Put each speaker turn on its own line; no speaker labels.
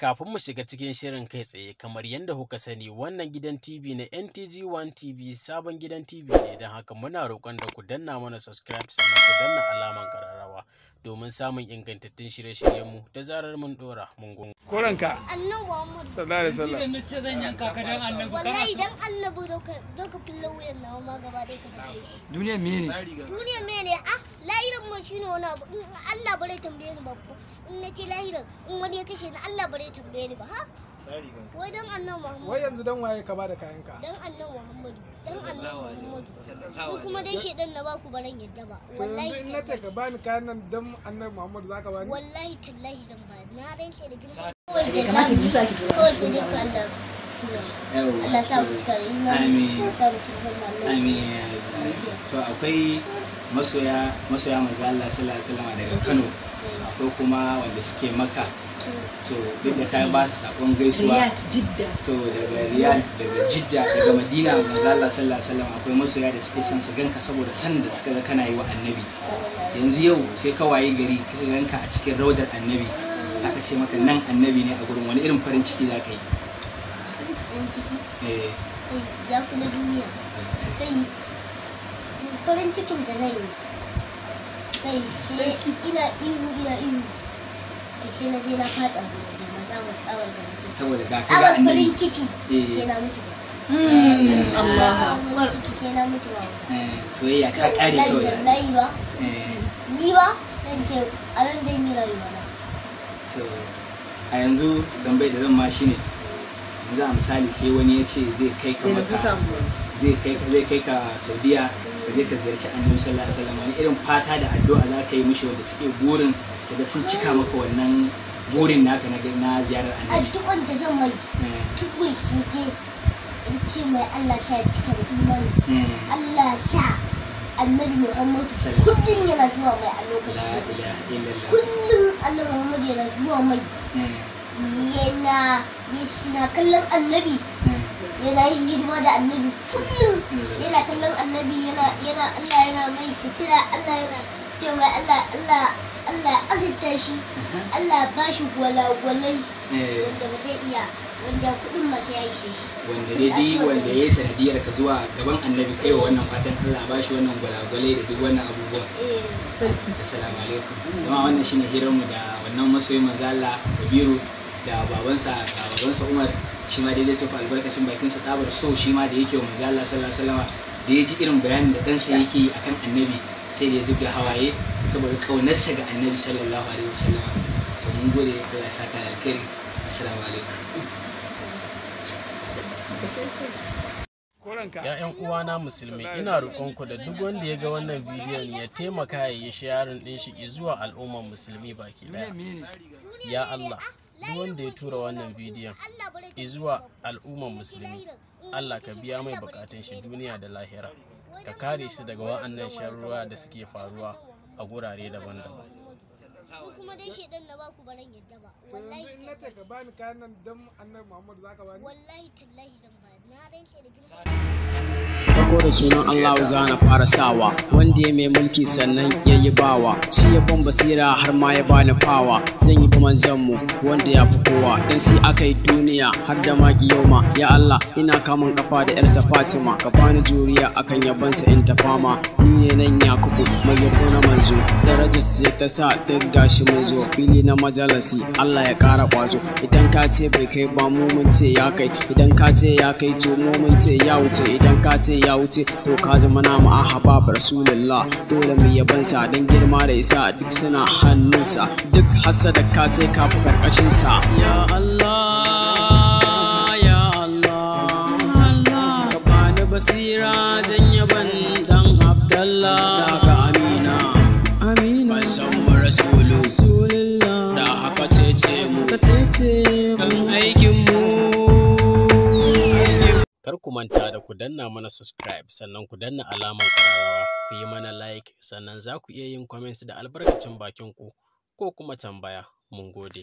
Kafin mu shiga cikin shirin kai tsaye kamar yadda kuka sani wannan gidan TV na NTG1 TV sabon gidan TV ne don haka muna roƙon da ku danna mana subscribe sannan ku danna alaman ƙararrawa domin samun ingantattun shirye-shiryenmu da zarar mun dora mun gungu. Koranka.
Annabi Muhammad.
Sallallahu alaihi wasallam. Ni ce zan yanka ka dan annabi Wallahi dan
annabi doka doka fillo wuyan nawa ma gaba dai ka dai. Duniya me ne? Duniya me ne? Ah, lahirin mu shine wani abu. In Allah bare tambaye ni babu. In na ce lahirin in wani ya kashe ni Allah bare tambaye ni ba ha? Wai dan annabi Muhammad. Wai yanzu
dan waye ka bada ka?
Dan annabi Muhammad.
ko kuma dai
na baku baran yadda ba wallahi in nace
ka bani kayan nan dan annabi Muhammad zaka bani
wallahi tallahi zan ba na rantsa da girma kamata ki saki kawai sai Allah
Allah sa mu cika amin
amin
to akwai masoya masoya manzo Allah sallallahu alaihi wasallam daga Kano eh. akwai kuma wanda suke maka to duk da kayan ba su sakon gaisuwa to daga riyad daga jidda daga madina manzo Allah sallallahu alaihi wasallam akwai masoya da suke son su ganka saboda san da suka ga kana yi wa annabi yanzu yau sai ka waye gari ka ganka a cikin raudar annabi aka ce maka nan annabi ne a gurin wani irin farin ciki za ka yi
eh. ya kula duniya farin cikin da zai yi sai ina ihu ina ihu sai na je na faɗa
saboda ga saboda
ciki eh. sai na mutu hmm. sai na mutu eh, ba. Soyayya ka kare kawai. Ni ba zan ce a ran zan yi rayuwa
To a yanzu tambayar da zan ma shine za a misali sai wani ya ce zai kai ka maka zai kai ka saudiya ka je ka ziyarci annabi sallallahu alaihi wasallam wani irin fata da addu'a za ka yi mishi wanda suke burin su ga sun cika maka wannan burin naka na na ziyarar annabi
addu'an da zan mai eh. tukun shi ne in ce mai Allah sa ya cika da imani eh. Allah sa annabi Muhammad kullum yana zuwa mai a
lokacin
kullum annabi Muhammad yana zuwa mai eh. yana yana kallon annabi yana yin da annabi kullum yana kallon annabi yana yana Allah yana mai shikira Allah yana cewa Allah Allah Allah ya azurta shi mhm. Allah ya ba shi gwalagwalai eh. wanda ba zai iya wanda kudin masu ya ishe wanda dai dai wanda ya yi sanadiyar
ka zuwa gaban annabi kai wa wannan fatan Allah ba shi wannan gwalagwalai da duk wannan abubuwa eh. sarki assalamu alaikum kuma wannan shine hirar mu da wannan masoyin manzo Allah Kabiru da babansa da babansa Umar shi ma dai tafi albarkacin bakinsa tabar so shi ma da yake wa manzo Allah sallallahu alaihi wasallam da ya ji irin bayanin da sa yake akan annabi sai da ya zub da hawaye saboda kaunarsa ga annabi sallallahu alaihi wasallam to mun gode Allah ya saka alkhairi
assalamu alaikum ‘Ya'yan uwana musulmi ina roƙonku da duk wanda ya ga wannan bidiyon ya taimaka ya yi shayarin ɗin shi zuwa al'ummar musulmi baki
ɗaya.
Ya Allah, duk wanda ya tura wannan bidiyon zuwa al'ummar musulmi, Allah ka biya mai bukatun shi duniya da lahira. ka kare su daga wa'annan sharruwa da suke faruwa a gurare daban-daban bani kayan dan
annabi Muhammad zaka bani wallahi da girma
ko da sunan Allah zana fara sawa wanda ya mai mulki sannan ya yi bawa shi ya ban basira har ma ya bani fawa zan yi zan mu wanda ya fi kowa dan shi aka yi duniya har da ma kiyoma ya Allah ina kamun kafa da yarsa Fatima ka bani juriya akan yabon sa in ta fama ni ne nan kubu mai yabo na manzo darajar sai ta sa ta gashi mun zo fili na majalasi Allah ya kara kwazo idan ka ce bai kai ba mu mun ce ya kai idan ka ce ya kai to mu mun ce ya wuce idan ka ce ya wuce to ka zama a mu'ahaba rasulullah dole mu yabansa don girma da isa duk suna hannunsa duk hasa da ka sai ka fi karkashinsa ya Allah
ku manta da ku danna mana subscribe sannan ku danna alamar ƙararrawa ku yi mana like sannan za ku iya yin comments da albarkacin bakin ku ko kuma tambaya mun gode